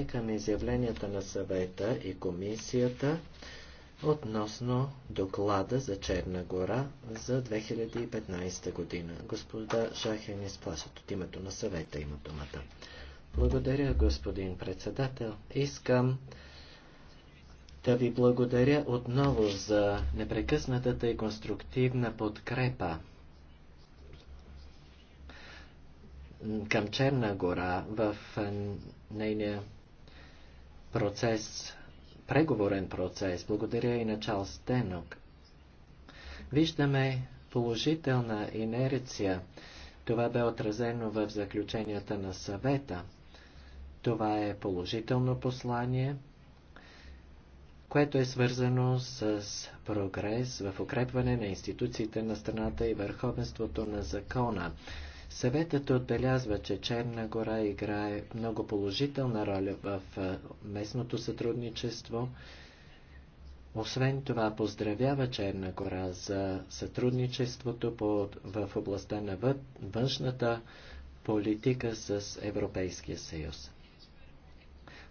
е към изявленията на съвета и комисията относно доклада за Черна гора за 2015 година. Господа Шахен изплашат от името на съвета има думата. Благодаря, господин председател. Искам да ви благодаря отново за непрекъснатата и конструктивна подкрепа към Черна гора в нейния процес, преговорен процес. Благодаря и на Чарлз Тенок. Виждаме положителна инерция. Това бе отразено в заключенията на съвета. Това е положително послание, което е свързано с прогрес в укрепване на институциите на страната и върховенството на закона. Съветът отбелязва, че Черна гора играе много положителна роля в местното сътрудничество. Освен това, поздравява Черна гора за сътрудничеството по, в областта на външната политика с Европейския съюз.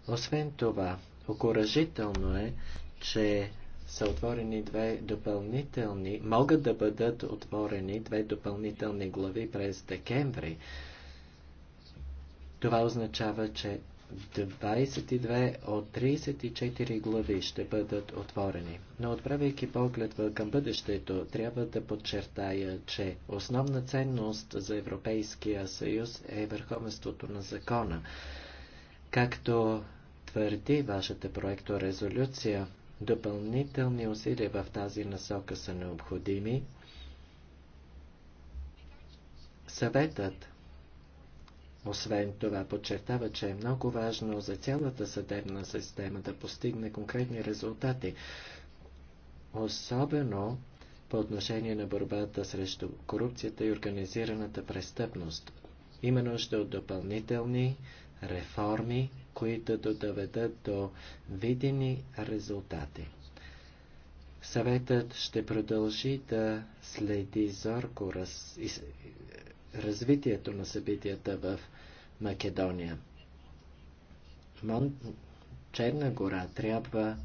Освен това, окоръжително е, че са отворени две допълнителни, могат да бъдат отворени две допълнителни глави през декември. Това означава, че 22 от 34 глави ще бъдат отворени. Но отправяйки поглед към бъдещето, трябва да подчертая, че основна ценност за Европейския съюз е върховенството на закона. Както твърди вашата резолюция, Допълнителни усилия в тази насока са необходими. Съветът, освен това, подчертава, че е много важно за цялата съдебна система да постигне конкретни резултати, особено по отношение на борбата срещу корупцията и организираната престъпност. Има нужда от допълнителни реформи които да доведат до видени резултати. Съветът ще продължи да следи зорко раз... из... развитието на събитията в Македония. Мон... Черна гора трябва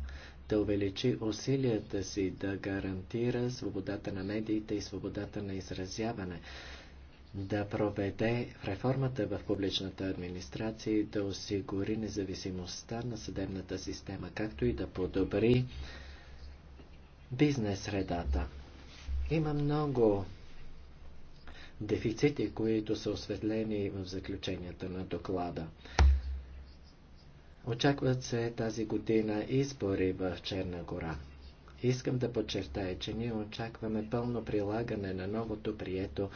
да увеличи усилията си да гарантира свободата на медиите и свободата на изразяване да проведе реформата в публичната администрация и да осигури независимостта на съдебната система, както и да подобри бизнес средата. Има много дефицити, които са осветлени в заключенията на доклада. Очакват се тази година избори в Черна гора. Искам да подчертая, че ние очакваме пълно прилагане на новото прието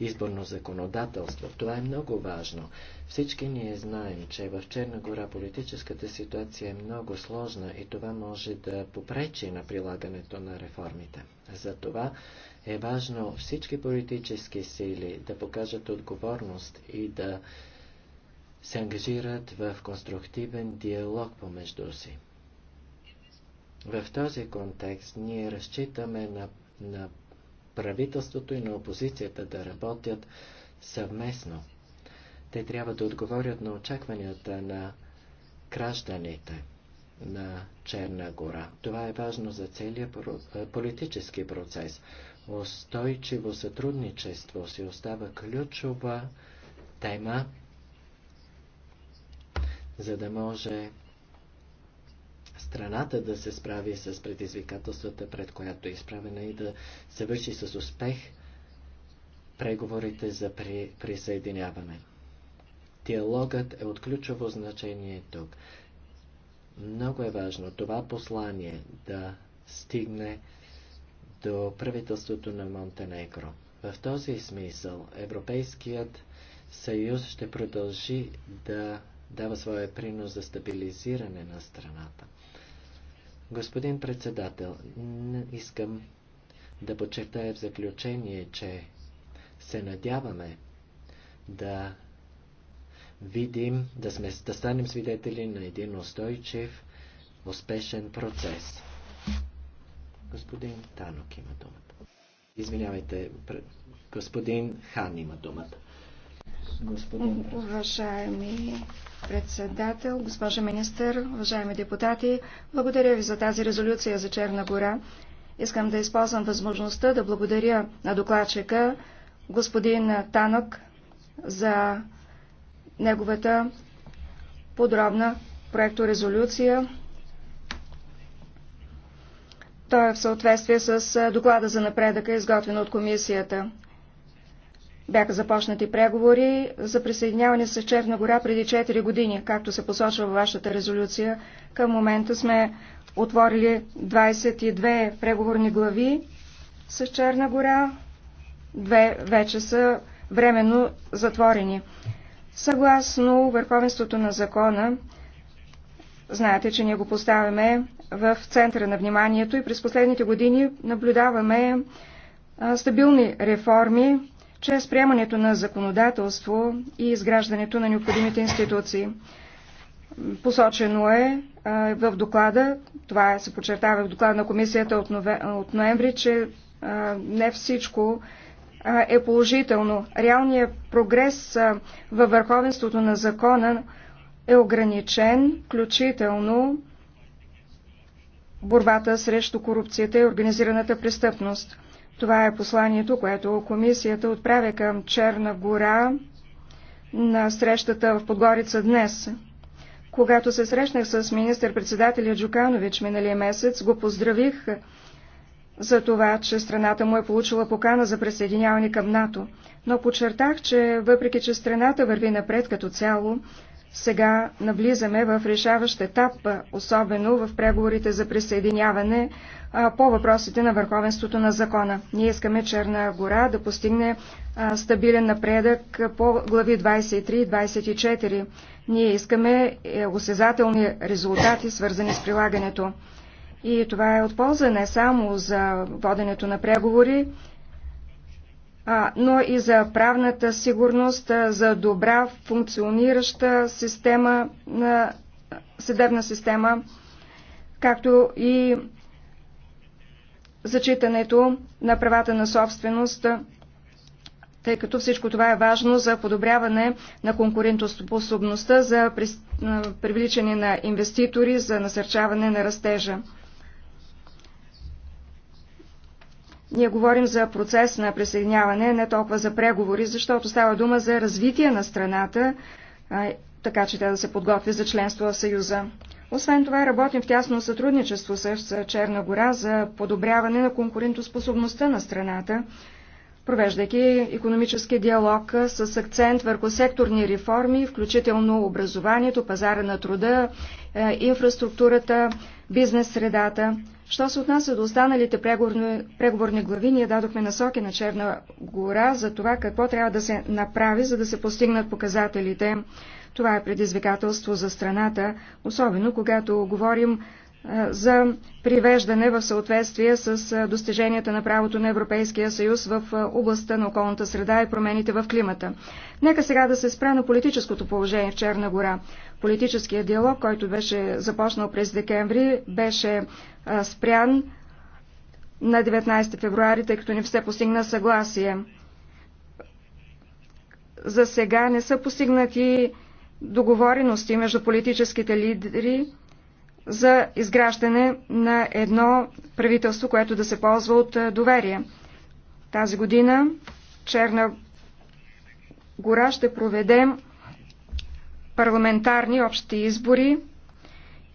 изборно законодателство. Това е много важно. Всички ние знаем, че в Черна гора политическата ситуация е много сложна и това може да попречи на прилагането на реформите. Затова е важно всички политически сили да покажат отговорност и да се ангажират в конструктивен диалог помежду си. В този контекст ние разчитаме на, на правителството и на опозицията да работят съвместно. Те трябва да отговорят на очакванията на гражданите на Черна гора. Това е важно за целият е, политически процес. Устойчиво сътрудничество си остава ключова тема, за да може страната да се справи с предизвикателствата, пред която е изправена и да завърши с успех преговорите за при... присъединяване. Диалогът е от ключово значение тук. Много е важно това послание да стигне до правителството на Монтенегро. В този смисъл Европейският съюз ще продължи да дава своя принос за стабилизиране на страната. Господин председател, искам да подчертая в заключение, че се надяваме да видим, да, сме, да станем свидетели на един устойчив, успешен процес. Господин Танок има думата. Извинявайте, господин Хан има думата господин Уважаеми председател, госпожа министър, уважаеми депутати, благодаря ви за тази резолюция за Черна гора. Искам да използвам възможността да благодаря на докладчика господин Танък за неговата подробна проекторезолюция. Той е в съответствие с доклада за напредъка, изготвен от комисията. Бяха започнати преговори за присъединяване с Черна гора преди 4 години, както се посочва във вашата резолюция. Към момента сме отворили 22 преговорни глави с Черна гора. Две вече са временно затворени. Съгласно върховенството на закона, знаете, че ние го поставяме в центъра на вниманието и през последните години наблюдаваме стабилни реформи чрез приемането на законодателство и изграждането на необходимите институции. Посочено е в доклада, това се подчертава в доклада на комисията от ноември, че не всичко е положително. Реалният прогрес във върховенството на закона е ограничен, включително борбата срещу корупцията и организираната престъпност. Това е посланието, което комисията отправя към Черна гора на срещата в Подгорица днес. Когато се срещнах с министър-председателя Джуканович миналия месец, го поздравих за това, че страната му е получила покана за присъединяване към НАТО, но подчертах, че въпреки, че страната върви напред като цяло, сега навлизаме в решаващ етап, особено в преговорите за присъединяване по въпросите на върховенството на закона. Ние искаме Черна гора да постигне стабилен напредък по глави 23 и 24. Ние искаме е, осезателни резултати, свързани с прилагането. И това е от полза не само за воденето на преговори, но и за правната сигурност, за добра функционираща система, съдебна система, както и зачитането на правата на собственост, тъй като всичко това е важно за подобряване на конкурентоспособността, за привличане на инвеститори, за насърчаване на растежа. Ние говорим за процес на присъединяване, не толкова за преговори, защото става дума за развитие на страната, така че тя да се подготви за членство в Съюза. Освен това работим в тясно сътрудничество с Черна гора за подобряване на конкурентоспособността на страната, провеждайки економически диалог с акцент върху секторни реформи, включително образованието, пазара на труда, инфраструктурата, бизнес средата. Що се отнася до останалите преговорни, преговорни глави, ние дадохме насоки на Черна гора за това какво трябва да се направи, за да се постигнат показателите. Това е предизвикателство за страната, особено когато говорим за привеждане в съответствие с достиженията на правото на Европейския съюз в областта на околната среда и промените в климата. Нека сега да се спра на политическото положение в Черна гора. Политическият диалог, който беше започнал през декември, беше спрян на 19 февруари, тъй като не все постигна съгласие. За сега не са постигнати договорености между политическите лидери, за изграждане на едно правителство, което да се ползва от доверие. Тази година Черна гора ще проведем парламентарни общи избори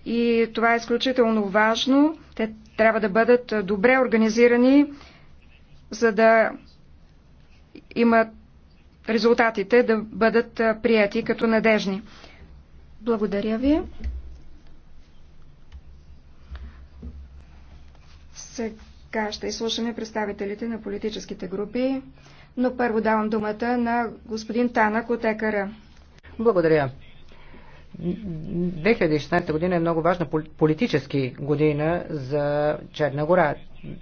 и това е изключително важно. Те трябва да бъдат добре организирани, за да имат резултатите да бъдат прияти като надежни. Благодаря ви. Сега ще изслушаме представителите на политическите групи, но първо давам думата на господин Тана Котекара. Благодаря. 2016 година е много важна политически година за Черна гора.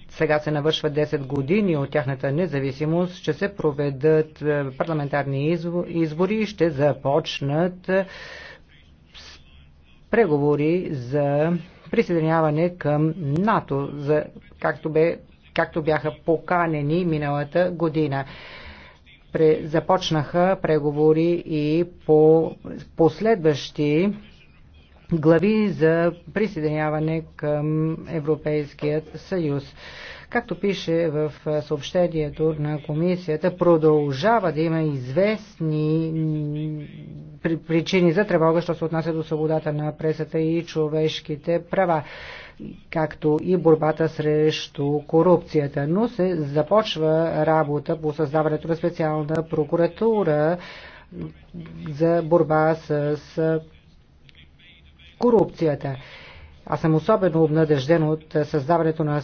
Сега се навършва 10 години от тяхната независимост. Ще се проведат е, парламентарни избори и ще започнат е, преговори за присъединяване към НАТО, за, както, бе, както бяха поканени миналата година започнаха преговори и по последващи глави за присъединяване към Европейският съюз. Както пише в съобщението на комисията, продължава да има известни причини за тревога, що се отнася до свободата на пресата и човешките права както и борбата срещу корупцията. Но се започва работа по създаването на специална прокуратура за борба с корупцията. Аз съм особено обнадежден от създаването на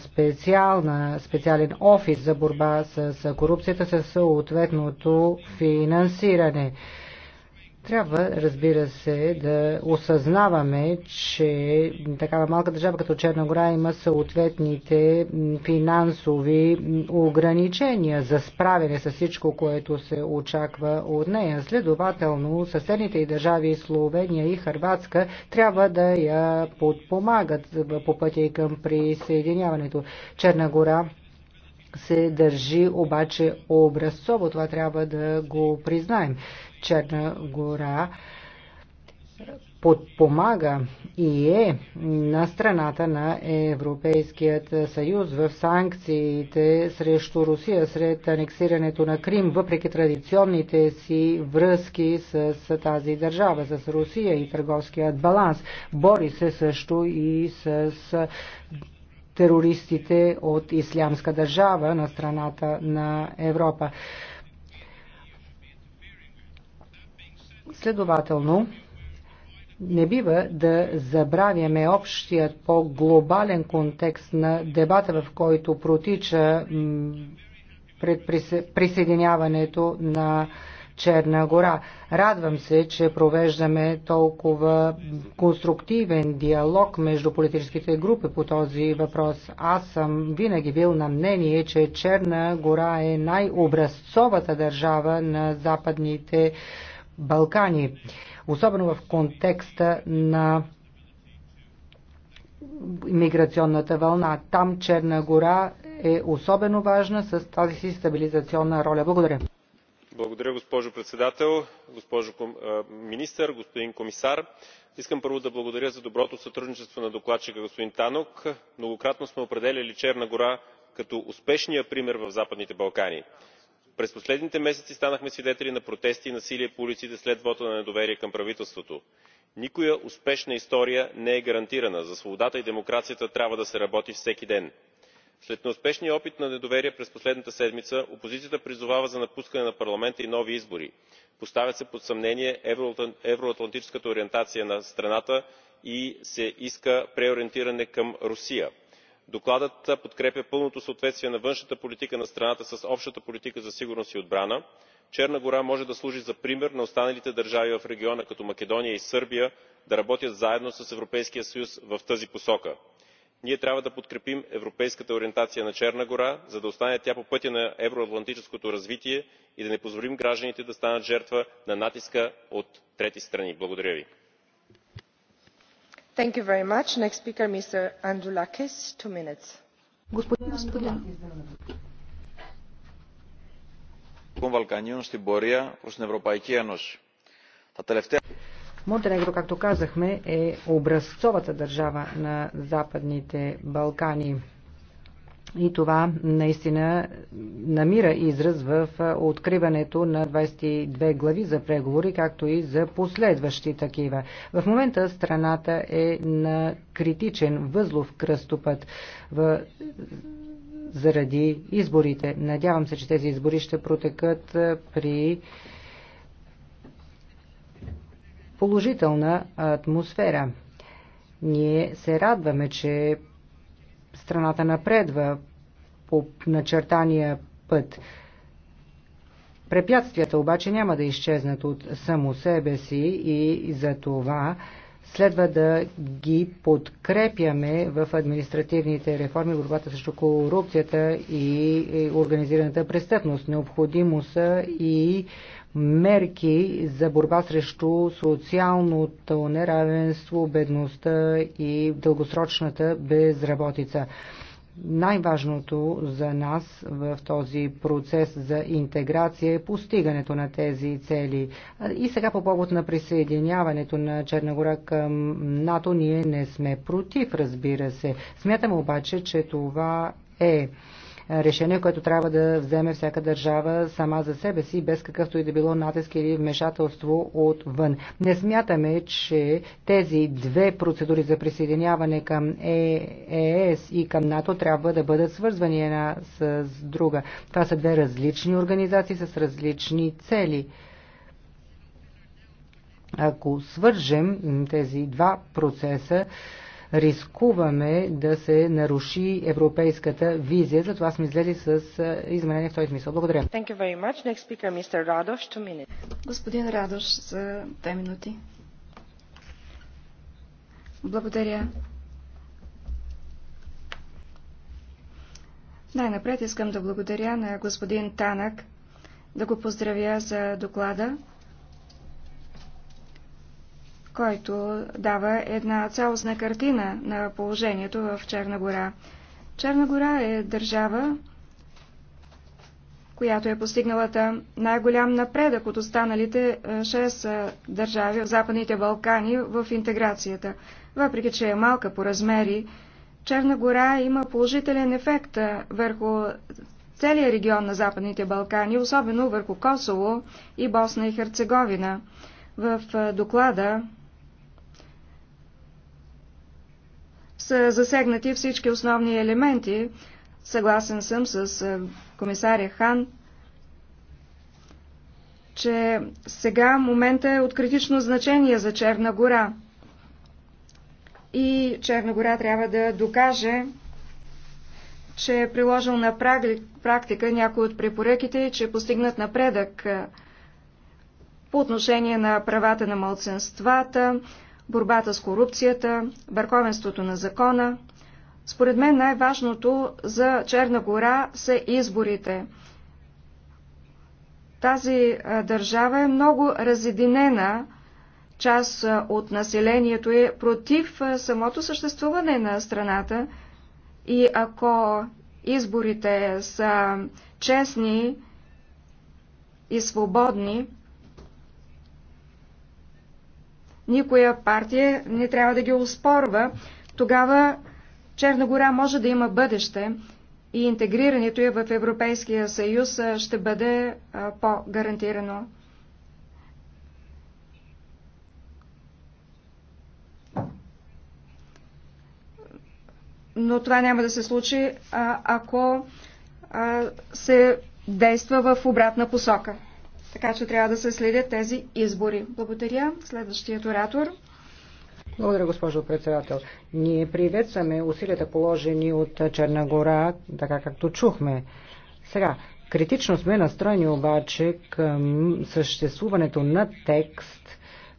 на специален офис за борба с корупцията със съответното финансиране. Трябва, разбира се, да осъзнаваме, че такава малка държава като Черна гора има съответните финансови ограничения за справяне с всичко, което се очаква от нея. Следователно, съседните и държави Словения и Харватска трябва да я подпомагат по пътя и към присъединяването. Черна гора се държи обаче образцово. Това трябва да го признаем. Черна гора подпомага и е на страната на Европейският съюз в санкциите срещу Русия сред анексирането на Крим, въпреки традиционните си връзки с тази държава, с Русия и търговският баланс. Бори се също и с терористите от Ислямска държава на страната на Европа. Следователно, не бива да забравяме общият по-глобален контекст на дебата, в който протича пред присъединяването на Черна гора. Радвам се, че провеждаме толкова конструктивен диалог между политическите групи по този въпрос. Аз съм винаги бил на мнение, че Черна гора е най-образцовата държава на западните Балкани, особено в контекста на миграционната вълна. Там Черна гора е особено важна с тази си стабилизационна роля. Благодаря. Благодаря, госпожо председател, госпожо министър, господин комисар. Искам първо да благодаря за доброто сътрудничество на докладчика господин Танок. Многократно сме определяли Черна гора като успешния пример в Западните Балкани през последните месеци станахме свидетели на протести и насилие по улиците след вота на недоверие към правителството. никоя успешна история не е гарантирана. за свободата и демокрацията трябва да се работи всеки ден. след неуспешния опит на недоверие през последната седмица опозицията призовава за напускане на парламента и нови избори. поставя се под съмнение евроатлантическата ориентация на страната и се иска преориентиране към русия докладът подкрепя пълното съответствие на външната политика на страната с общата политика за сигурност и отбрана. черна гора може да служи за пример на останалите държави в региона като македония и сърбия да работят заедно с европейския съюз в тази посока. ние трябва да подкрепим европейската ориентация на черна гора за да остане тя по пътя на евроатлантическото развитие и да не позволим гражданите да станат жертва на натиска от трети страни. благодаря ви. Монтенегро, както казахме, е образцовата държава на Западните Балкани. И това наистина намира израз в откриването на 22 глави за преговори, както и за последващи такива. В момента страната е на критичен възлов кръстопът в... заради изборите. Надявам се, че тези избори ще протекат при положителна атмосфера. Ние се радваме, че страната напредва по начертания път. Препятствията обаче няма да изчезнат от само себе си и за това следва да ги подкрепяме в административните реформи, борбата срещу корупцията и организираната престъпност. Необходимо са и мерки за борба срещу социалното неравенство, бедността и дългосрочната безработица. Най-важното за нас в този процес за интеграция е постигането на тези цели. И сега по повод на присъединяването на Черногора към НАТО ние не сме против, разбира се. Смятаме обаче, че това е решение, което трябва да вземе всяка държава сама за себе си, без какъвто и да било натиск или вмешателство отвън. Не смятаме, че тези две процедури за присъединяване към ЕС е и към НАТО трябва да бъдат свързвани една с друга. Това са две различни организации с различни цели. Ако свържем тези два процеса, рискуваме да се наруши европейската визия. Затова сме излезли с изменение в този смисъл. Благодаря. Speaker, Господин Радош, за две минути. Благодаря. Най-напред искам да благодаря на господин Танък, да го поздравя за доклада който дава една цялостна картина на положението в Черна гора. Черна гора е държава, която е постигналата най-голям напредък от останалите 6 е, е, държави в Западните Балкани в интеграцията. Въпреки, че е малка по размери, Черна гора има положителен ефект е, върху целия регион на Западните Балкани, особено върху Косово и Босна и Херцеговина. В доклада са засегнати всички основни елементи. Съгласен съм с е, комисаря Хан, че сега момента е от критично значение за Черна гора. И Черна гора трябва да докаже, че е приложил на практика някои от препоръките и че е постигнат напредък е, по отношение на правата на младсенствата, борбата с корупцията, върховенството на закона. Според мен най-важното за Черна гора са изборите. Тази държава е много разединена, част от населението е против самото съществуване на страната и ако изборите са честни и свободни, никоя партия не трябва да ги успорва. Тогава Черна гора може да има бъдеще и интегрирането я в Европейския съюз ще бъде по-гарантирано. Но това няма да се случи, ако се действа в обратна посока. Така че трябва да се следят тези избори. Благодаря. Следващият оратор. Благодаря, госпожо председател. Ние приветстваме усилията положени от Черна гора, така както чухме. Сега, критично сме настроени обаче към съществуването на текст,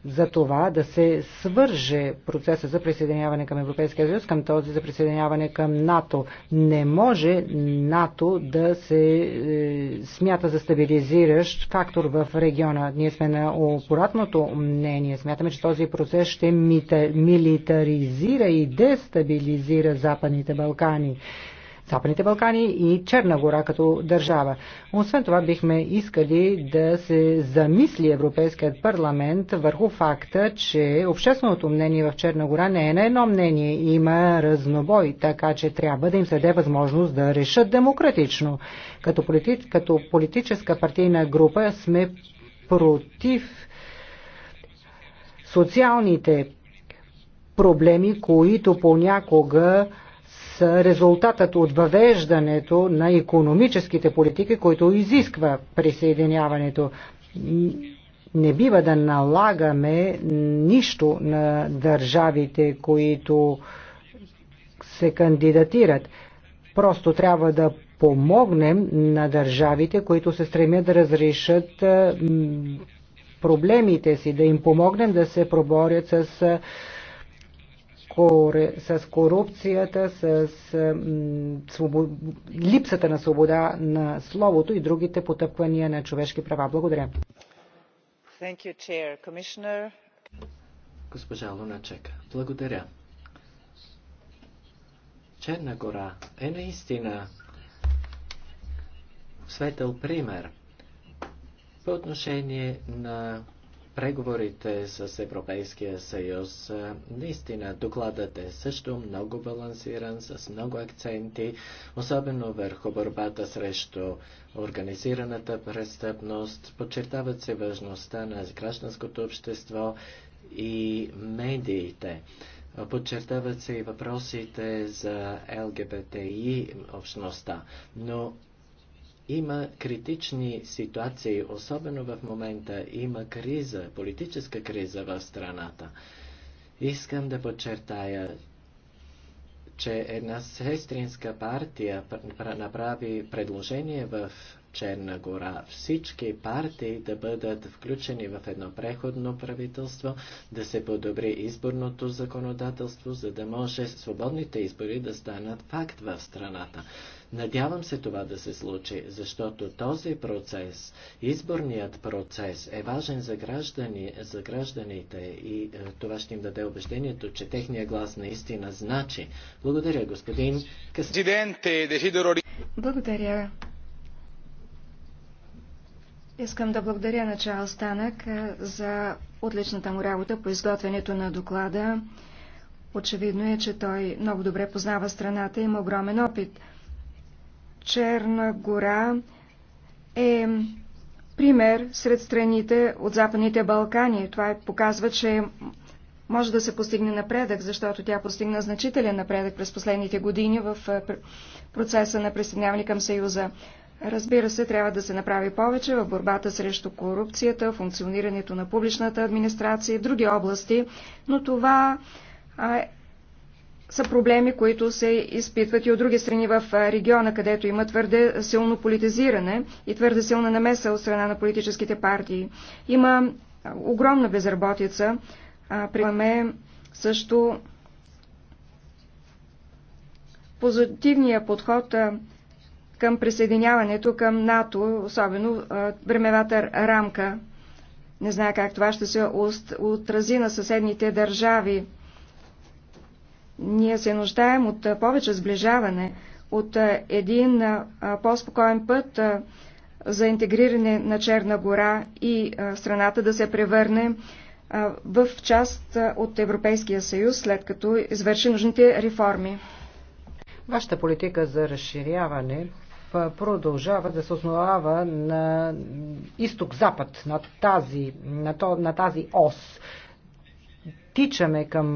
за това да се свърже процеса за присъединяване към Европейския съюз към този за присъединяване към НАТО. Не може НАТО да се е, смята за стабилизиращ фактор в региона. Ние сме на обратното мнение. Смятаме, че този процес ще милитаризира и дестабилизира Западните Балкани. Западните Балкани и Черна гора като държава. Освен това бихме искали да се замисли Европейският парламент върху факта, че общественото мнение в Черна гора не е на едно мнение. Има разнобой, така че трябва да им се даде възможност да решат демократично. Като, полити... като политическа партийна група сме против социалните проблеми, които понякога е, резултатът от въвеждането на економическите политики, които изисква присъединяването. Не бива да налагаме нищо на държавите, които се кандидатират. Просто трябва да помогнем на държавите, които се стремят да разрешат проблемите си, да им помогнем да се проборят с с корупцията, с свобод... липсата на свобода на словото и другите потъпквания на човешки права. Благодаря. Thank you, Chair. Commissioner... Госпожа Луначек, благодаря. Черна гора е наистина светъл пример по отношение на преговорите с Европейския съюз. Наистина, докладът е също много балансиран, с много акценти, особено върху борбата срещу организираната престъпност. Подчертават се важността на гражданското общество и медиите. Подчертават се и въпросите за ЛГБТИ общността, но има критични ситуации, особено в момента има криза, политическа криза в страната. Искам да подчертая, че една сестринска партия направи предложение в Черна гора. Всички партии да бъдат включени в едно преходно правителство, да се подобри изборното законодателство, за да може свободните избори да станат факт в страната. Надявам се това да се случи, защото този процес, изборният процес е важен за, граждани, за гражданите и е, това ще им даде убеждението, че техния глас наистина значи. Благодаря, господин Къс... Благодаря, Искам да благодаря на Чарлз Танък е, за отличната му работа по изготвянето на доклада. Очевидно е, че той много добре познава страната и има огромен опит. Черна гора е пример сред страните от Западните Балкани. Това е, показва, че може да се постигне напредък, защото тя постигна значителен напредък през последните години в е, процеса на присъединяване към Съюза. Разбира се, трябва да се направи повече в борбата срещу корупцията, функционирането на публичната администрация и други области, но това а, са проблеми, които се изпитват и от други страни в региона, където има твърде силно политизиране и твърде силна намеса от страна на политическите партии. Има огромна безработица. Приемаме също позитивния подход към присъединяването към НАТО, особено времевата рамка. Не знае как това ще се отрази на съседните държави. Ние се нуждаем от повече сближаване, от един по-спокоен път за интегриране на Черна гора и страната да се превърне в част от Европейския съюз, след като извърши нужните реформи. Вашата политика за разширяване продължава да се основава на изток-запад, на тази, на, то, на тази ос. Тичаме към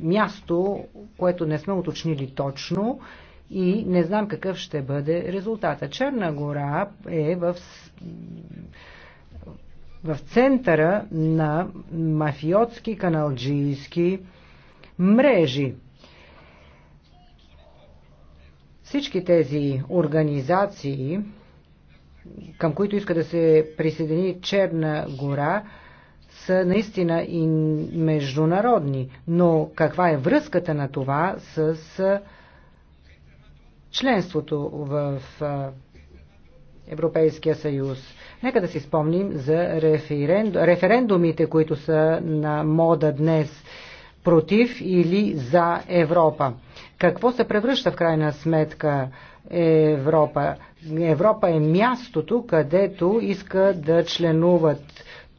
място, което не сме уточнили точно и не знам какъв ще бъде резултата. Черна гора е в в центъра на мафиотски каналджийски мрежи. Всички тези организации, към които иска да се присъедини Черна гора, са наистина и международни. Но каква е връзката на това с членството в Европейския съюз? Нека да си спомним за референду... референдумите, които са на мода днес против или за Европа какво се превръща в крайна сметка Европа? Европа е мястото, където иска да членуват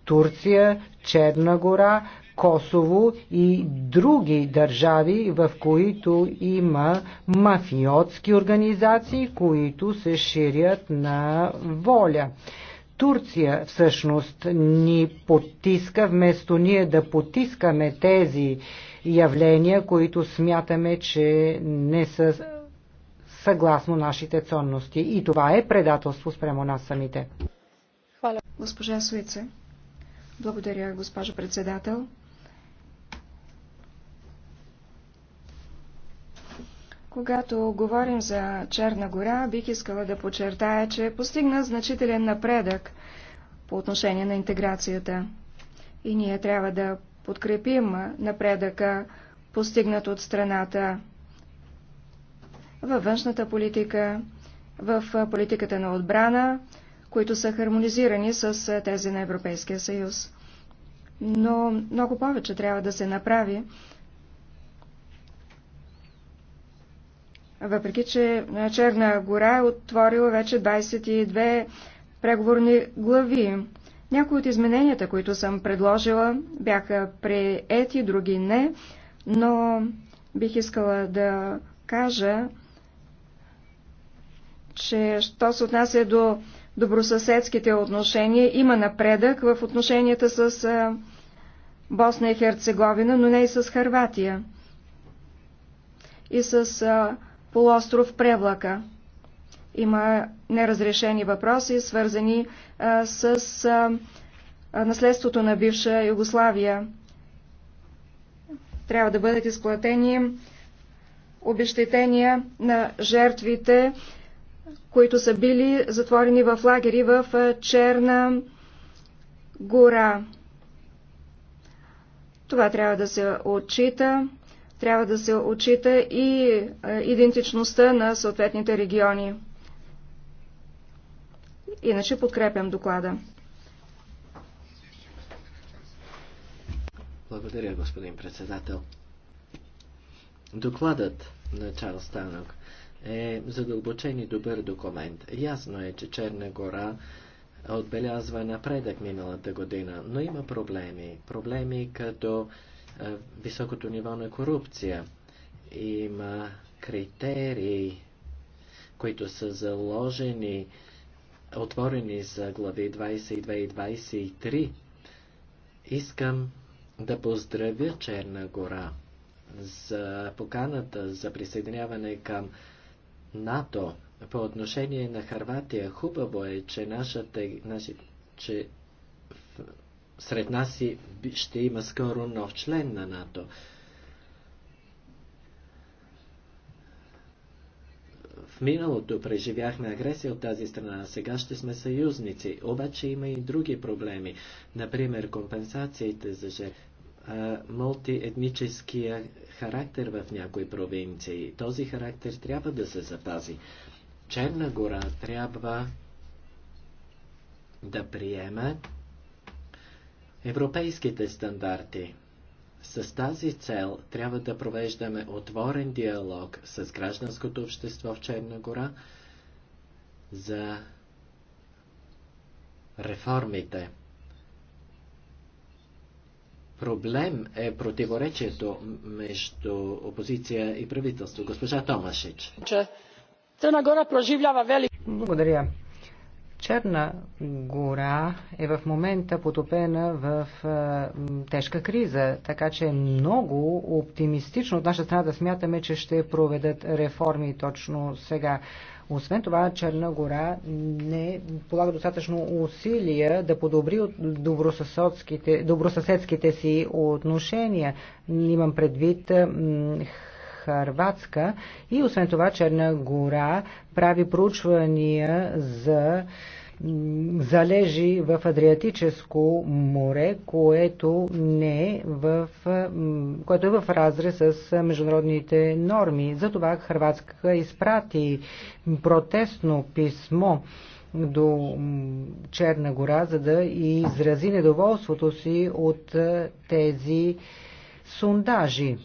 Турция, Черна гора, Косово и други държави, в които има мафиотски организации, които се ширят на воля. Турция всъщност ни потиска, вместо ние да потискаме тези явления, които смятаме, че не са съгласно нашите ценности. И това е предателство спрямо нас самите. Госпожа Суице. Благодаря, госпожа председател. Когато говорим за Черна гора, бих искала да подчертая, че постигна значителен напредък по отношение на интеграцията. И ние трябва да подкрепим напредъка, постигнат от страната във външната политика, в политиката на отбрана, които са хармонизирани с тези на Европейския съюз. Но много повече трябва да се направи, въпреки че Черна гора е отворила вече 22 преговорни глави. Някои от измененията, които съм предложила, бяха приети, други не, но бих искала да кажа, че що се отнася до добросъседските отношения, има напредък в отношенията с Босна и Херцеговина, но не и с Харватия. И с полуостров Превлака. Има неразрешени въпроси, свързани а, с а, наследството на бивша Югославия. Трябва да бъдат изплатени обещетения на жертвите, които са били затворени в лагери в Черна гора. Това трябва да се отчита. Трябва да се отчита и е, идентичността на съответните региони. Иначе подкрепям доклада. Благодаря, господин председател. Докладът на Чарлз Танок е задълбочен и добър документ. Ясно е, че Черна гора отбелязва напредък миналата година, но има проблеми. Проблеми като високото ниво на корупция. Има критерии, които са заложени, отворени за глави 22 и 23. Искам да поздравя Черна гора за поканата за присъединяване към НАТО по отношение на Харватия. Хубаво е, че, нашата, наши, че сред нас и ще има скоро нов член на НАТО. В миналото преживяхме агресия от тази страна, а сега ще сме съюзници. Обаче има и други проблеми. Например, компенсациите за же мултиетническия характер в някои провинции. Този характер трябва да се запази. Черна гора трябва да приеме европейските стандарти. С тази цел трябва да провеждаме отворен диалог с гражданското общество в Черна гора за реформите. Проблем е противоречието между опозиция и правителство. Госпожа Томашич. Благодаря. Черна гора е в момента потопена в тежка криза, така че е много оптимистично от наша страна да смятаме, че ще проведат реформи точно сега. Освен това, Черна гора не полага достатъчно усилия да подобри от добросъседските, добросъседските си отношения. Имам предвид Харватска и освен това Черна гора прави проучвания за залежи в Адриатическо море, което не е в, което е в разрез с международните норми. Затова Харватска изпрати протестно писмо до Черна гора, за да изрази недоволството си от тези сундажи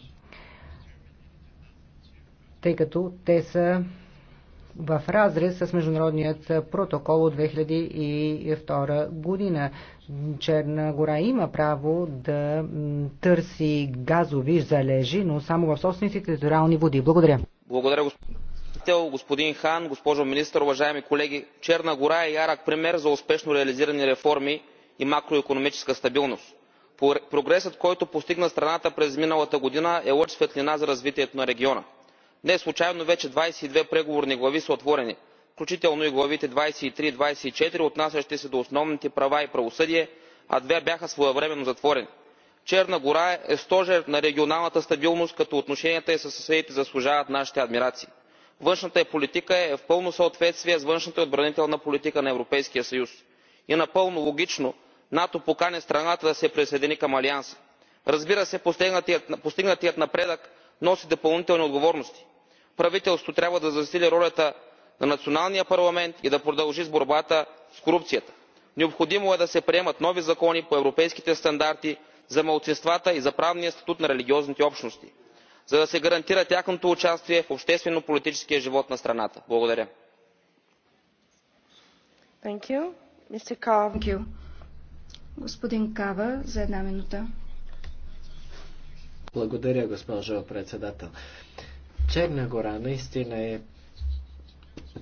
тъй като те са в разрез с международният протокол от 2002 година. Черна гора има право да търси газови залежи, но само в собствените териториални води. Благодаря. Благодаря, господин господин Хан, госпожо министър, уважаеми колеги! Черна гора е ярък пример за успешно реализирани реформи и макроекономическа стабилност. Прогресът, който постигна страната през миналата година, е лъч светлина за развитието на региона неслучайно вече двадесет и две преговорни глави са отворени включително и главите двадесет и три и двадесет и четири отнасящи се до основните права и правосъдие а две бяха своевременно затворени. черна гора е стожер на регионалната стабилност като отношенията и със съседите заслужават нашите адмирации. външната ѝ политика е в пълно съответствие с външната и отбранителна политика на европейския съюз и напълно логично нато покани страната да се присъедини към алианса. разбира се постигнатият напредък носи допълнителни отговорности. правителството трябва да засили ролята на националния парламент и да продължи с борбата с корупцията. необходимо е да се приемат нови закони по европейските стандарти за малцинствата и за правния статут на религиозните общности за да се гарантира тяхното участие в обществено политическия живот на страната. благодаря. Господин Кава, за една минута. Благодаря, госпожо председател. Черна гора наистина е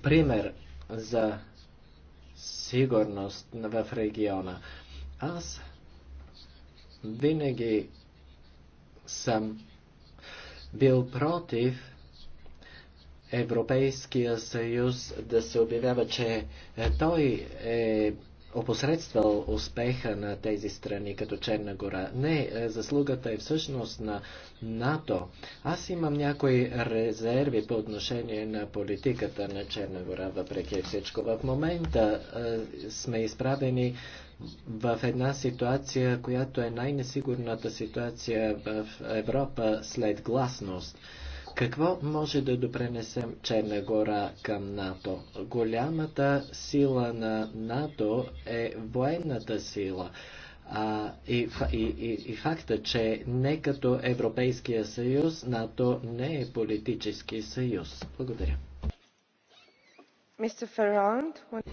пример за сигурност в региона. Аз винаги съм бил против Европейския съюз да се обявява, че той е опосредствал успеха на тези страни като Черна гора. Не, е, заслугата е всъщност на НАТО. Аз имам някои резерви по отношение на политиката на Черна гора, въпреки всичко. В момента е, сме изправени в една ситуация, която е най-несигурната ситуация в Европа след гласност. Какво може да допренесем Черна гора към НАТО? Голямата сила на НАТО е военната сила. А, и, и, и, и факта, че не като Европейския съюз, НАТО не е политически съюз. Благодаря.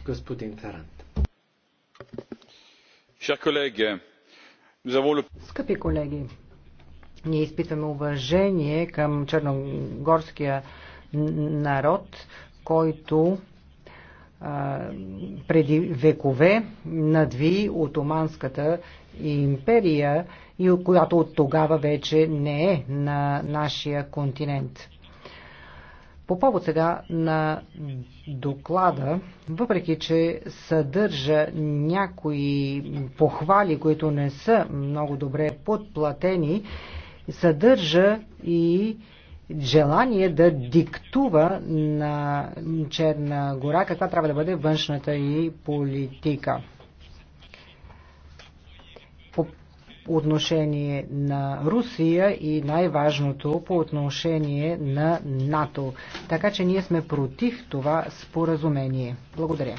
Господин Ферранд. Скъпи колеги, ние изпитваме уважение към черногорския народ, който а, преди векове надви Отоманската империя и която от тогава вече не е на нашия континент. По повод сега на доклада, въпреки че съдържа някои похвали, които не са много добре подплатени, съдържа и желание да диктува на Черна гора каква трябва да бъде външната и политика. По отношение на Русия и най-важното по отношение на НАТО. Така че ние сме против това споразумение. Благодаря.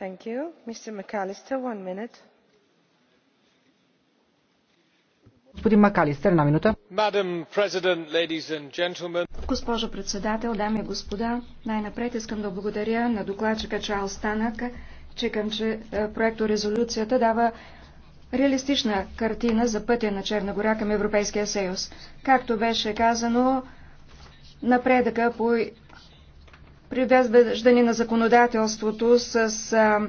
Thank you. Mr. McAllister, one minute. Господин Макалистер, една минута. Госпожо председател, дами и господа, най-напред искам да благодаря на докладчика Чарлз Танък, че към че е, проекто резолюцията дава реалистична картина за пътя на Черна гора към Европейския съюз. Както беше казано, напредъка по привезбеждане на законодателството с е,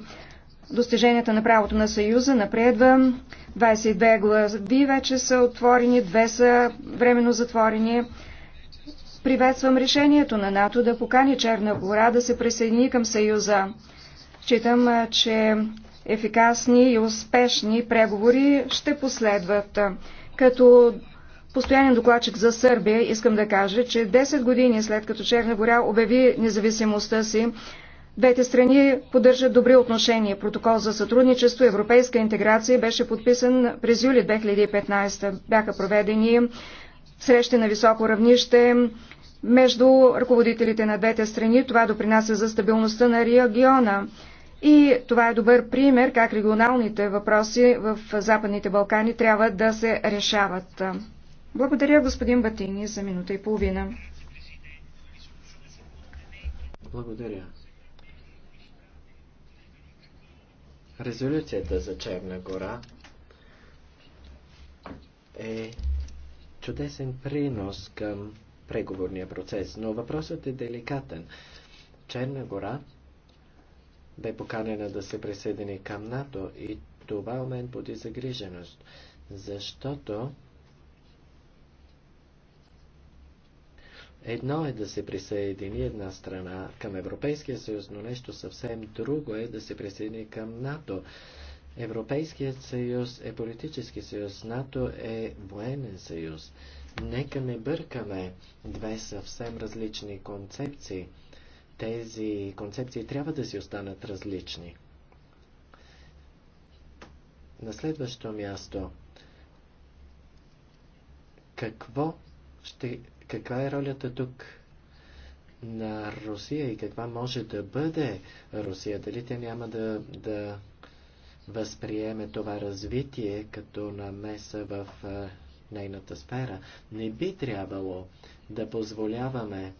достиженията на правото на Съюза напредва. 22 глави вече са отворени, две са временно затворени. Приветствам решението на НАТО да покани Черна гора да се присъедини към Съюза. Читам, че ефикасни и успешни преговори ще последват. Като постоянен докладчик за Сърбия искам да кажа, че 10 години след като Черна гора обяви независимостта си, Двете страни поддържат добри отношения. Протокол за сътрудничество и европейска интеграция беше подписан през юли 2015. Бяха проведени срещи на високо равнище между ръководителите на двете страни. Това допринася за стабилността на региона. И това е добър пример как регионалните въпроси в Западните Балкани трябва да се решават. Благодаря господин Батини за минута и половина. Благодаря. Резолюцията за Черна гора е чудесен принос към преговорния процес, но въпросът е деликатен. Черна гора бе поканена да се присъедини към НАТО и това у мен буди загриженост, защото Едно е да се присъедини една страна към Европейския съюз, но нещо съвсем друго е да се присъедини към НАТО. Европейският съюз е политически съюз, НАТО е военен съюз. Нека не бъркаме две съвсем различни концепции. Тези концепции трябва да си останат различни. На следващо място. Какво ще каква е ролята тук на Русия и каква може да бъде Русия? Дали те няма да, да възприеме това развитие като намеса в нейната сфера? Не би трябвало да позволяваме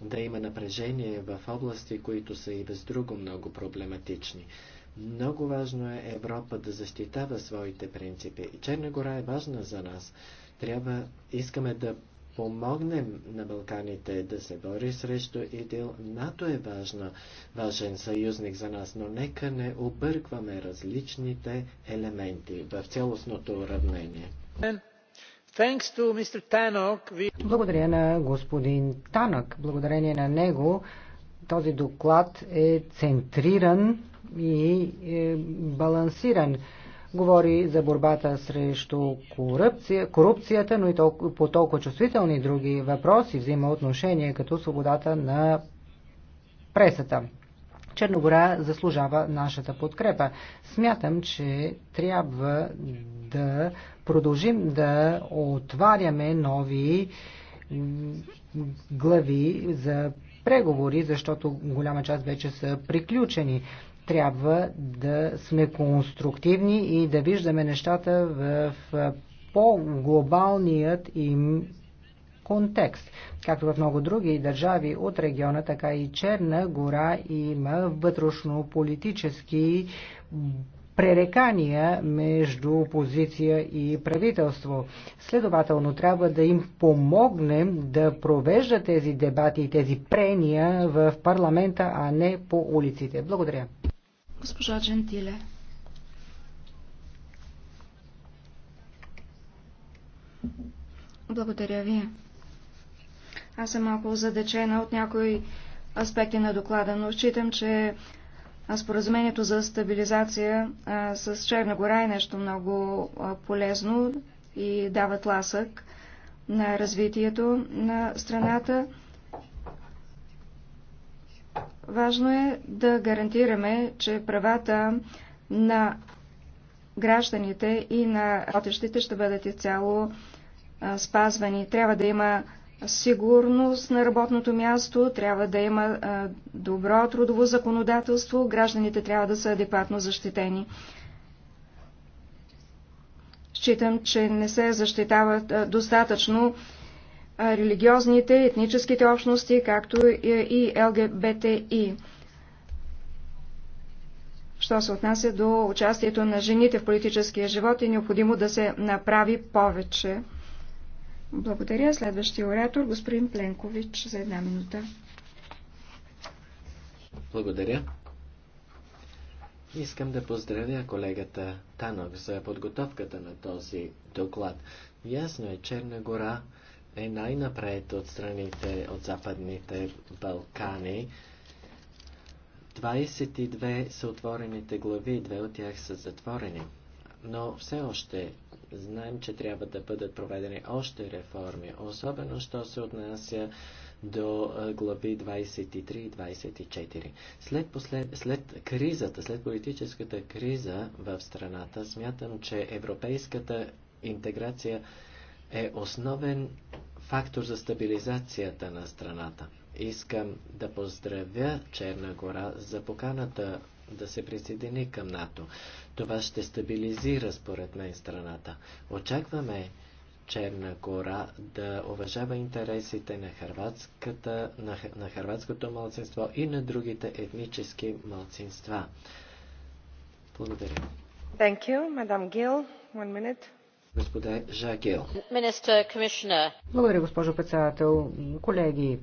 да има напрежение в области, които са и без друго много проблематични. Много важно е Европа да защитава своите принципи. Черна гора е важна за нас. Трябва, искаме да помогнем на Балканите да се бори срещу ИДИЛ. НАТО е важна, важен съюзник за нас, но нека не объркваме различните елементи в цялостното уравнение. Благодаря на господин Танък. Благодарение на него този доклад е центриран и е балансиран говори за борбата срещу корупция, корупцията, но и толкова, по толкова чувствителни други въпроси взима отношение като свободата на пресата. Черногора заслужава нашата подкрепа. Смятам, че трябва да продължим да отваряме нови глави за преговори, защото голяма част вече са приключени трябва да сме конструктивни и да виждаме нещата в по-глобалният им контекст. Както в много други държави от региона, така и Черна гора има вътрешно-политически пререкания между опозиция и правителство. Следователно, трябва да им помогнем да провеждат тези дебати и тези прения в парламента, а не по улиците. Благодаря. Госпожа Джентиле. Благодаря ви. Аз съм малко задечена от някои аспекти на доклада, но считам, че споразумението за стабилизация а, с Черна гора е нещо много а, полезно и дава тласък на развитието на страната. Важно е да гарантираме, че правата на гражданите и на работещите ще бъдат изцяло спазвани. Трябва да има сигурност на работното място, трябва да има добро трудово законодателство, гражданите трябва да са адекватно защитени. Считам, че не се защитават достатъчно религиозните, етническите общности, както и ЛГБТИ. Що се отнася до участието на жените в политическия живот е необходимо да се направи повече. Благодаря. Следващия оратор, господин Пленкович, за една минута. Благодаря. Искам да поздравя колегата Танок за подготовката на този доклад. Ясно е, Черна гора е най-напред от страните от Западните Балкани. 22 са отворените глави, две от тях са затворени. Но все още знаем, че трябва да бъдат проведени още реформи, особено що се отнася до глави 23 и 24. След, послед, след кризата, след политическата криза в страната, смятам, че европейската интеграция е основен фактор за стабилизацията на страната. Искам да поздравя Черна гора за поканата да се присъедини към НАТО. Това ще стабилизира, според мен, страната. Очакваме Черна гора да уважава интересите на, на, на хърватското малцинство и на другите етнически малцинства. Благодаря. Thank you, Madam Gill. One minute. Господа Жакел. Благодаря, госпожо председател. Колеги,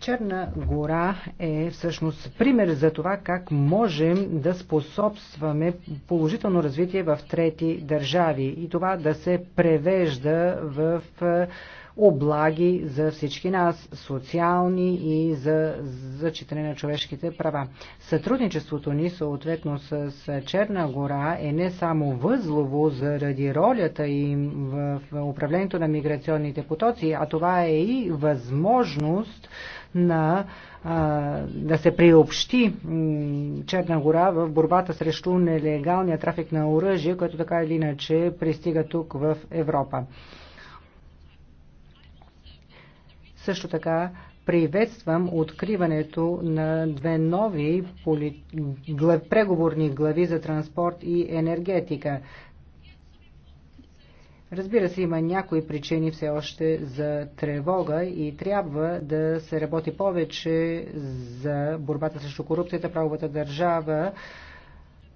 Черна гора е всъщност пример за това как можем да способстваме положително развитие в трети държави и това да се превежда в облаги за всички нас, социални и за зачитане на човешките права. Сътрудничеството ни съответно с Черна гора е не само възлово заради ролята им в управлението на миграционните потоци, а това е и възможност на, да се приобщи Черна гора в борбата срещу нелегалния трафик на оръжие, което така или иначе пристига тук в Европа. Също така приветствам откриването на две нови поли... глав... преговорни глави за транспорт и енергетика. Разбира се, има някои причини все още за тревога и трябва да се работи повече за борбата срещу корупцията, правовата държава,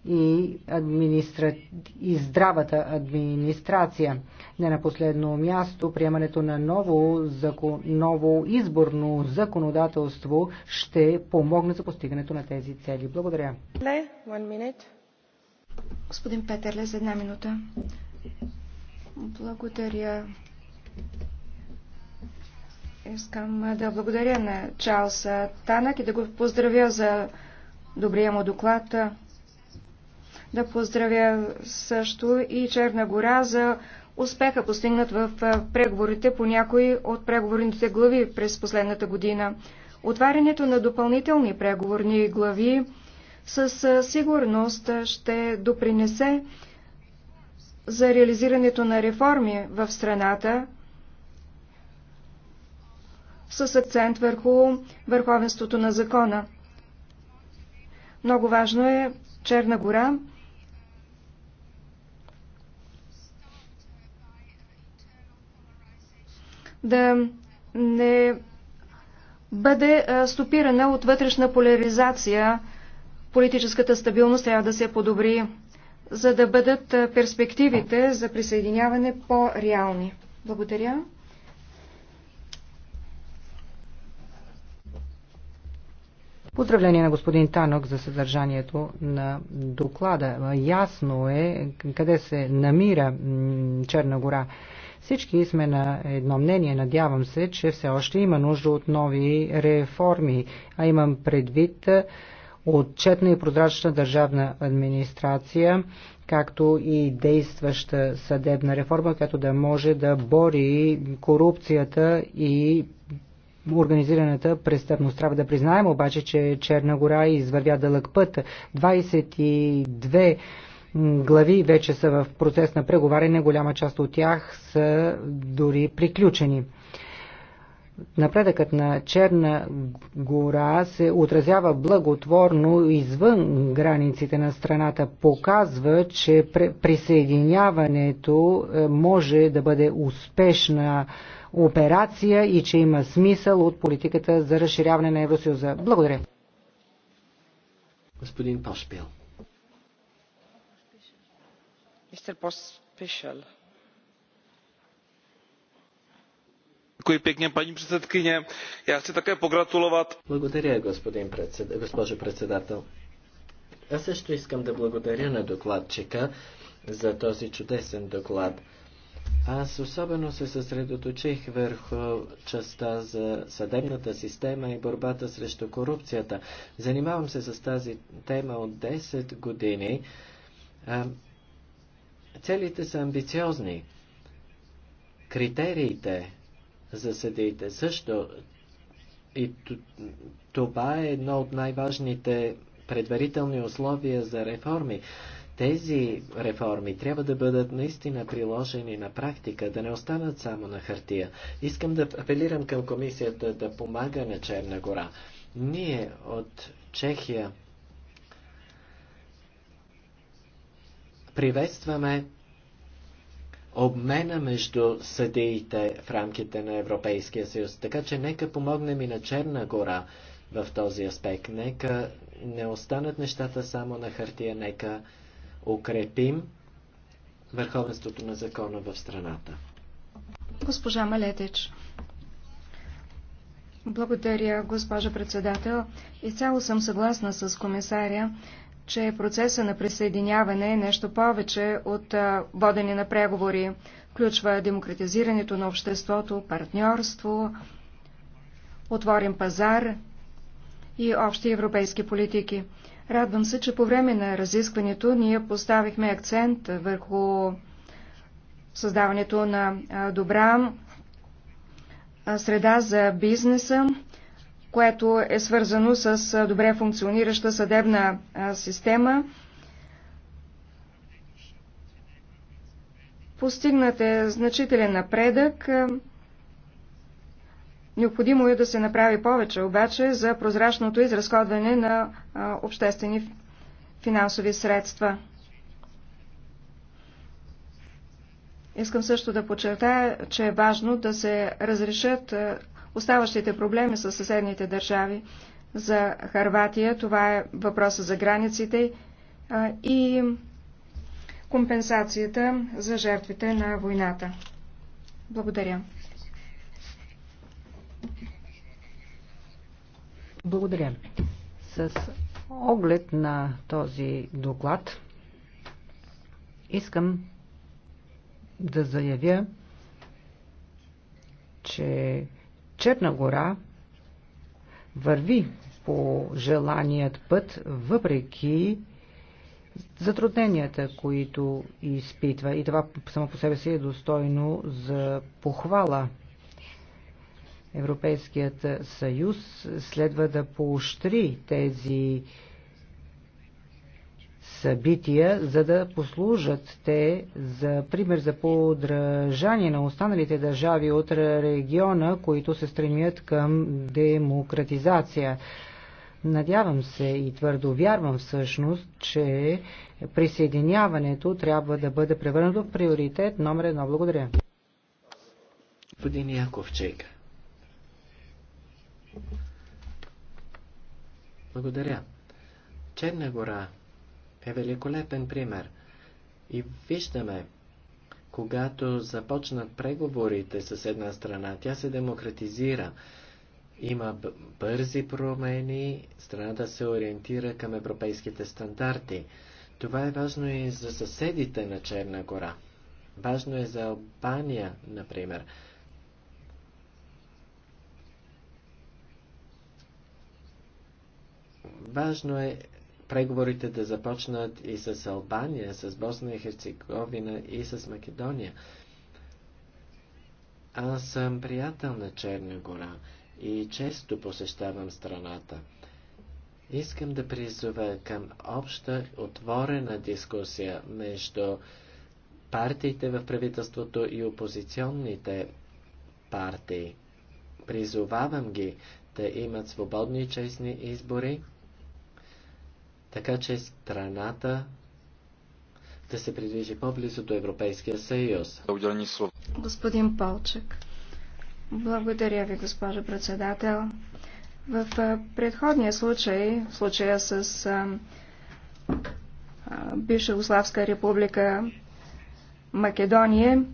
и, администра... и здравата администрация. Не на последно място, приемането на ново, закон... ново изборно законодателство ще помогне за постигането на тези цели. Благодаря. Господин Петерле, за една минута. Благодаря. Искам да благодаря на Чарлз Танък и да го поздравя за добрия му доклад да поздравя също и Черна гора за успеха постигнат в преговорите по някои от преговорните глави през последната година. Отварянето на допълнителни преговорни глави със сигурност ще допринесе за реализирането на реформи в страната с акцент върху върховенството на закона. Много важно е Черна гора да не бъде стопирана от вътрешна поляризация. Политическата стабилност трябва да се подобри, за да бъдат перспективите за присъединяване по-реални. Благодаря. Поздравление на господин Танок за съдържанието на доклада. Ясно е къде се намира Черна гора. Всички сме на едно мнение, надявам се, че все още има нужда от нови реформи, а имам предвид е, отчетна и прозрачна държавна администрация, както и действаща съдебна реформа, която да може да бори корупцията и организираната престъпност. Трябва да признаем обаче, че Черна гора извървя дълъг път. 22 глави вече са в процес на преговаряне, голяма част от тях са дори приключени. Напредъкът на Черна гора се отразява благотворно извън границите на страната. Показва, че присъединяването е, може да бъде успешна операция и че има смисъл от политиката за разширяване на Евросъюза. Благодаря. Господин Пашпил paní předsedající já chci také pogratulovat. Благодаря, госпожо председател. Аз също искам да благодаря на докладчика за този чудесен доклад. Аз особено се съсредоточих върху частта за съдебната система и борбата срещу корупцията. Занимавам се с тази тема от 10 години. Целите са амбициозни. Критериите за съдиите също. И това е едно от най-важните предварителни условия за реформи. Тези реформи трябва да бъдат наистина приложени на практика, да не останат само на хартия. Искам да апелирам към комисията да помага на Черна гора. Ние от Чехия Приветстваме обмена между съдиите в рамките на Европейския съюз. Така че нека помогнем и на Черна гора в този аспект. Нека не останат нещата само на хартия, нека укрепим върховенството на закона в страната. Госпожа Малетич. Благодаря, госпожа председател. Изцяло съм съгласна с комисаря, че процеса на присъединяване е нещо повече от водене на преговори. Включва демократизирането на обществото, партньорство, отворен пазар и общи европейски политики. Радвам се, че по време на разискването ние поставихме акцент върху създаването на добра среда за бизнеса, което е свързано с добре функционираща съдебна система. Постигнат е значителен напредък. Необходимо е да се направи повече обаче за прозрачното изразходване на обществени финансови средства. Искам също да подчертая, че е важно да се разрешат оставащите проблеми с съседните държави. За Харватия това е въпроса за границите и компенсацията за жертвите на войната. Благодаря. Благодаря. С оглед на този доклад искам да заявя, че Черна гора върви по желаният път, въпреки затрудненията, които изпитва. И това само по себе си е достойно за похвала. Европейският съюз следва да поощри тези събития, за да послужат те за пример за подражание на останалите държави от региона, които се стремят към демократизация. Надявам се и твърдо вярвам всъщност, че присъединяването трябва да бъде превърнато в приоритет номер едно. Благодаря. Господин Благодаря. Черна гора е великолепен пример. И виждаме, когато започнат преговорите с една страна, тя се демократизира. Има бързи промени, страната се ориентира към европейските стандарти. Това е важно и за съседите на Черна гора. Важно е за Албания, например. Важно е преговорите да започнат и с Албания, с Босна и Херцеговина и с Македония. Аз съм приятел на Черна гора и често посещавам страната. Искам да призова към обща отворена дискусия между партиите в правителството и опозиционните партии. Призовавам ги да имат свободни и честни избори, така че страната да се придвижи по-близо до Европейския съюз. Господин Полчек, благодаря ви, госпожо председател. В предходния случай, в случая с бивша Югославска република Македония,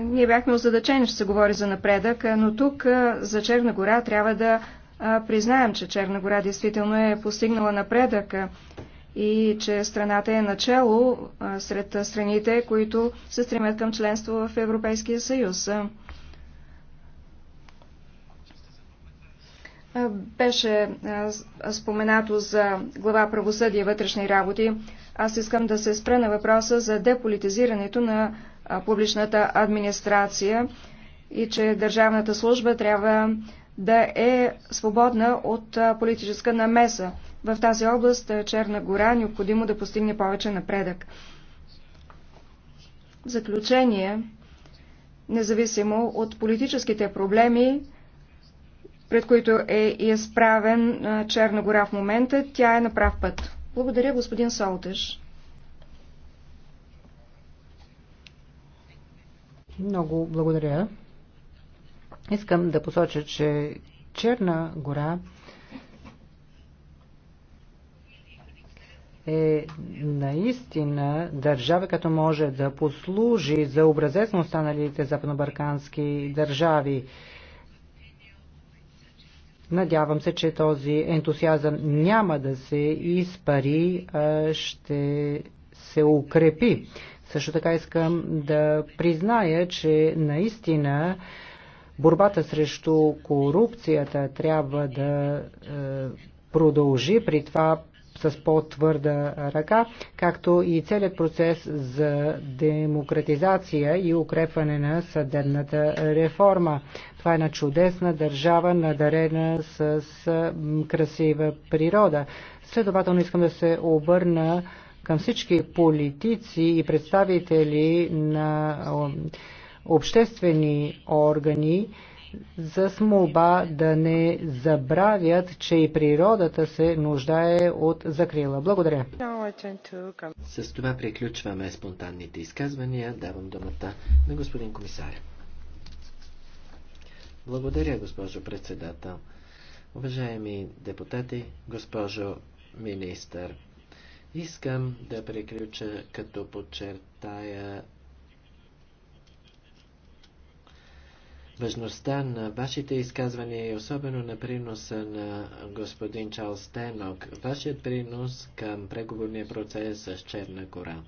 ние бяхме озадачени, че се говори за напредък, но тук за Черна гора трябва да признаем, че Черна гора действително е постигнала напредък и че страната е начало сред страните, които се стремят към членство в Европейския съюз. Беше споменато за глава правосъдие вътрешни работи. Аз искам да се спра на въпроса за деполитизирането на публичната администрация и че държавната служба трябва да е свободна от политическа намеса. В тази област Черна гора е необходимо да постигне повече напредък. В заключение, независимо от политическите проблеми, пред които е изправен е Черна гора в момента, тя е на прав път. Благодаря, господин Солтеш. Много благодаря. Искам да посоча, че Черна гора е наистина държава, като може да послужи за образец на останалите западнобаркански държави. Надявам се, че този ентусиазъм няма да се изпари, а ще се укрепи. Също така искам да призная, че наистина Борбата срещу корупцията трябва да е, продължи при това с по-твърда ръка, както и целият процес за демократизация и укрепване на съдебната реформа. Това е на чудесна държава, надарена с красива природа. Следователно искам да се обърна към всички политици и представители на обществени органи за смолба да не забравят, че и природата се нуждае от закрила. Благодаря. С това приключваме спонтанните изказвания. Давам думата на господин комисар. Благодаря, госпожо председател. Уважаеми депутати, госпожо министър, искам да приключа като подчертая важността на вашите изказвания и особено на приноса на господин Чарлз Тенок, вашият принос към преговорния процес с Черна гора.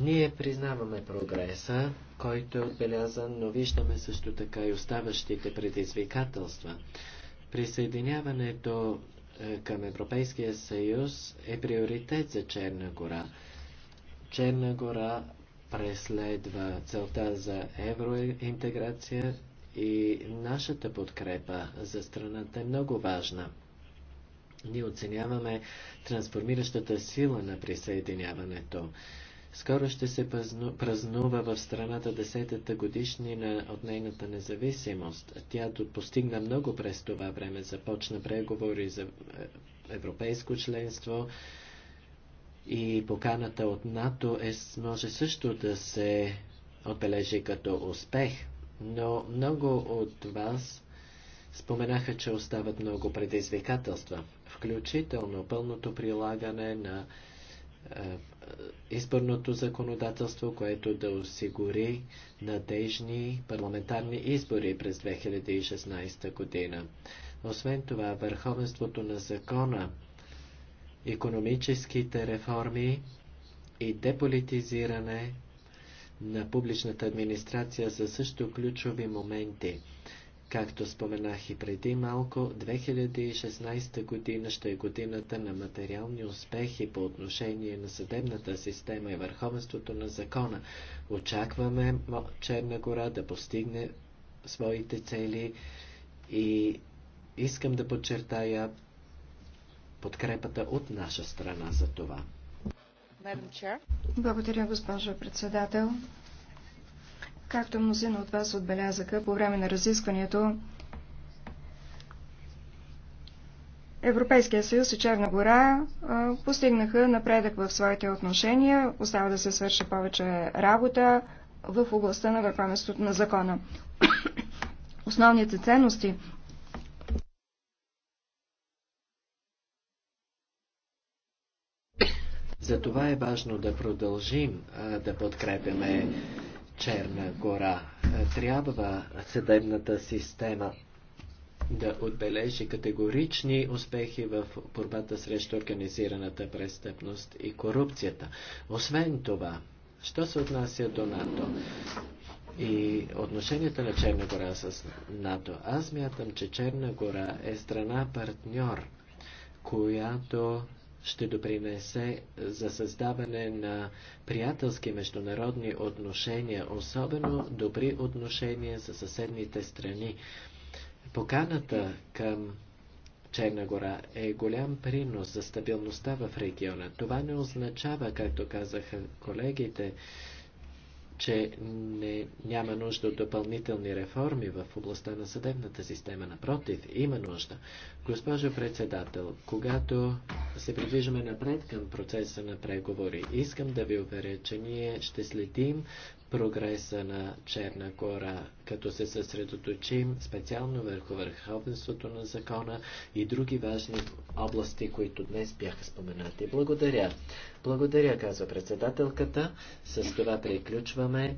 Ние признаваме прогреса, който е отбелязан, но виждаме също така и оставащите предизвикателства. Присъединяването е, към Европейския съюз е приоритет за Черна гора. Черна гора преследва целта за евроинтеграция и нашата подкрепа за страната е много важна. Ние оценяваме трансформиращата сила на присъединяването. Скоро ще се празнува в страната 10-та годишнина от нейната независимост. Тя постигна много през това време, започна преговори за е, европейско членство, и поканата от НАТО е, може също да се отбележи като успех, но много от вас споменаха, че остават много предизвикателства, включително пълното прилагане на е, изборното законодателство, което да осигури надежни парламентарни избори през 2016 година. Освен това, върховенството на закона економическите реформи и деполитизиране на публичната администрация са също ключови моменти. Както споменах и преди малко, 2016 година ще е годината на материални успехи по отношение на съдебната система и върховенството на закона. Очакваме Черна гора да постигне своите цели и искам да подчертая подкрепата от наша страна за това. Благодаря, госпожо председател. Както мнозина от вас отбелязаха по време на разискването, Европейския съюз и Черна гора постигнаха напредък в своите отношения. Остава да се свърши повече работа в областта на върховенството на закона. Основните ценности Затова е важно да продължим да подкрепяме Черна гора. Трябва съдебната система да отбележи категорични успехи в борбата срещу организираната престъпност и корупцията. Освен това, що се отнася до НАТО и отношенията на Черна гора с НАТО, аз мятам, че Черна гора е страна партньор, която ще допринесе за създаване на приятелски международни отношения, особено добри отношения с съседните страни. Поканата към Черна гора е голям принос за стабилността в региона. Това не означава, както казаха колегите, че не, няма нужда от допълнителни реформи в областта на съдебната система. Напротив, има нужда. Госпожо председател, когато се придвижваме напред към процеса на преговори, искам да ви уверя, че ние ще следим прогреса на Черна гора, като се съсредоточим специално върху върховенството на закона и други важни области, които днес бяха споменати. Благодаря. Благодаря, казва председателката. С това приключваме.